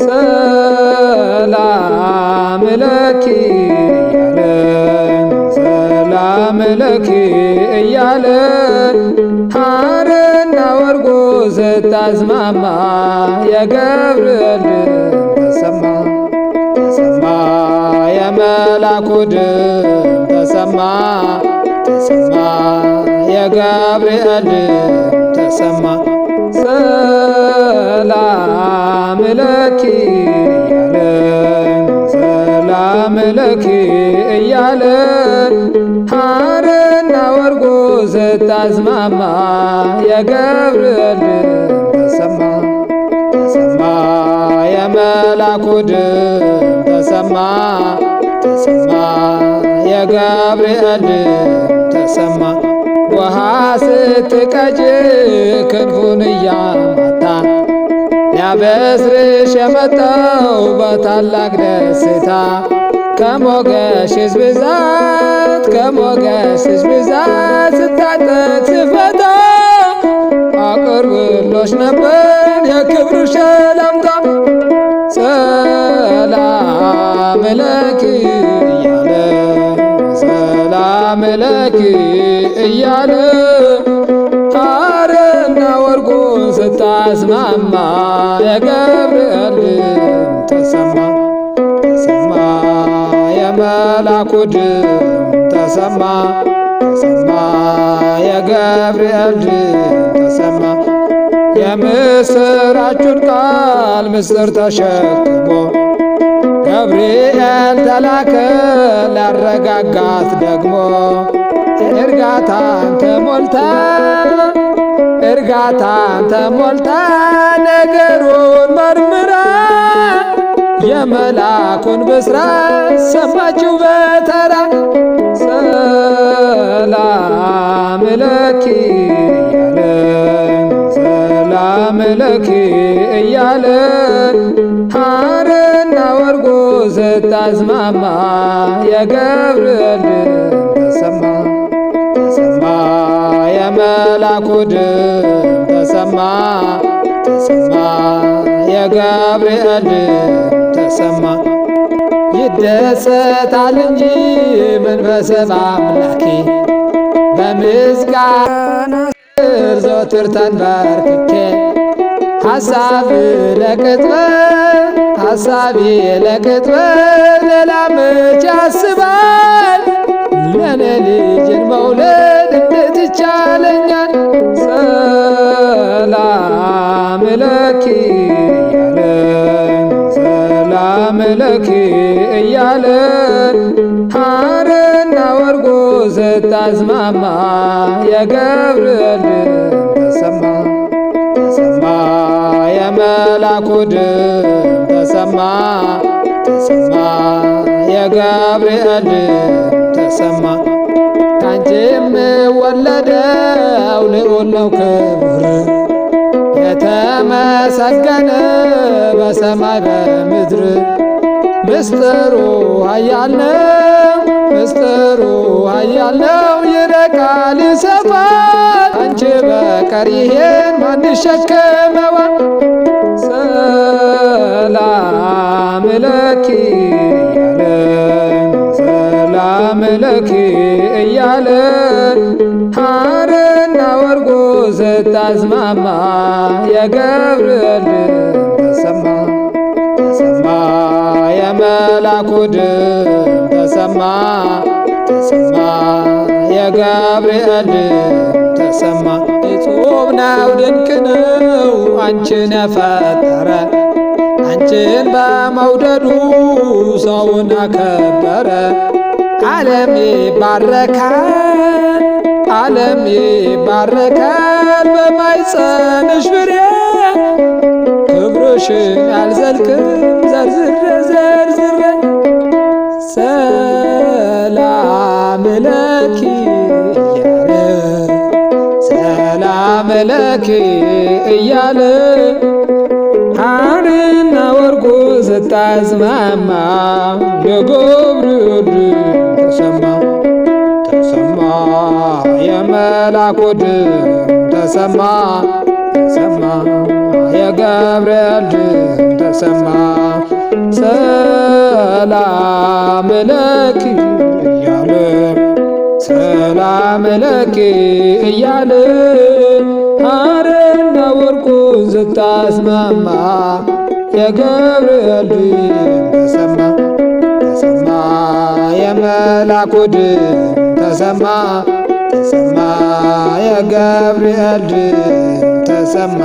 ሰላም ለኪ እያለ ሰላም ለኪ እያለ ሐርና ወርቁ ስታስማማ የገብርኤል ተሰማ ተሰማ የመላኩ ድምፅ ተሰማ ተሰማ የገብርኤል ተሰማ አምለኪ እያለ ሐርና ወርቁ ስታዝማማ የገብርኤል ተሰማ ተሰማ የመላኩ ድምፅ ተሰማ ተሰማ የገብርኤል ተሰማ ውሃ ስትቀጅ ክንፉን እያመታ ሊያበስርሽ የመጣው በታላቅ ደስታ ከሞገስሽ ብዛት ከሞገስሽ ብዛት ስታጠቅ ስፈታ አቅርብሎሽ ነበር የክብሩ ሸለምታ ሰላም ለኪ እያለ ሰላም ለኪ እያለ ሐርና ወርቁን ስታስማማ የገብርኤል የመላኩ ድምፅ ተሰማ ተሰማ የገብርኤል ድምፅ ተሰማ የምስራቹን ቃል ምስር ተሸክሞ ገብርኤል ተላከ ላረጋጋት ደግሞ እርጋታን ተሞልታ እርጋታን ተሞልታ ነገሩን መርምራ የመላኩን ብስራት ሰማችሁ በተራ ሰላም ለኪ እያለ ሰላም ለኪ እያለ ሐርና ወርቁ ስታስማማ የገብርኤል ተሰማ ተሰማ የመልአኩ ድምፅ ተሰማ ተሰማ የገብርኤል ተሰማ ይደሰታል እንጂ መንፈሰ አምላኬ በምስጋና ዘወትር ተንበርክኬ ሐሳብ ለቅጥበ ሐሳቤ ለቅጥበ ሌላ ለኔ ልጅን መውለድ እንዴት ይቻለኛል? ሰላም አምልኪ እያለ ሐርና ወርቁ ስታስማማ የገብርኤል ተሰማ ተሰማ የመላኩ ድምፅ ተሰማ ተሰማ የገብርኤል ተሰማ ካንቺ የምወለደው ልዑል ነው ክቡር የተመሰገነ በሰማይ በምድር ምስጢሩ ኃያል ነው፣ ምስጢሩ ኃያል ነው። ይርቃል ይሰፋል፣ አንቺ በቀር ይሄን ማን ይሸከመዋል? ሰላም ለኪ እያለ ሰላም ለኪ እያለ ሐርና ወርቁ ስታስማማ የገብርኤል የመላኩ ድምፅ ተሰማ ተሰማ የገብርኤል ድምፅ ተሰማ። እጹብ ነው ድንቅ ነው አንቺን የፈጠረ አንቺን በመውደዱ ሰውን አከበረ። ዓለም ይባረካል ዓለም ይባረካል በማይጸንሽ ፍሬ ክብርሽን አልዘልቅም ዘርዝር ሰላም ለኪ እያለ ሰላም ለኪ እያለ ሐርና ወርቁ ስታስማማ የገብርኤል ተሰማ ተሰማ የመላኩ ድምፅ ተሰማ ተሰማ የገብርኤል ድምፅ ተሰማ ሰላም ለኪ እያለ ሰላም ለኪ እያለ ሐርና ወርቁን ስታስማማ የገብርኤል ድምፅ ተሰማ ተሰማ የመላኩ ድምፅ ተሰማ ተሰማ የገብርኤል ድምፅ ተሰማ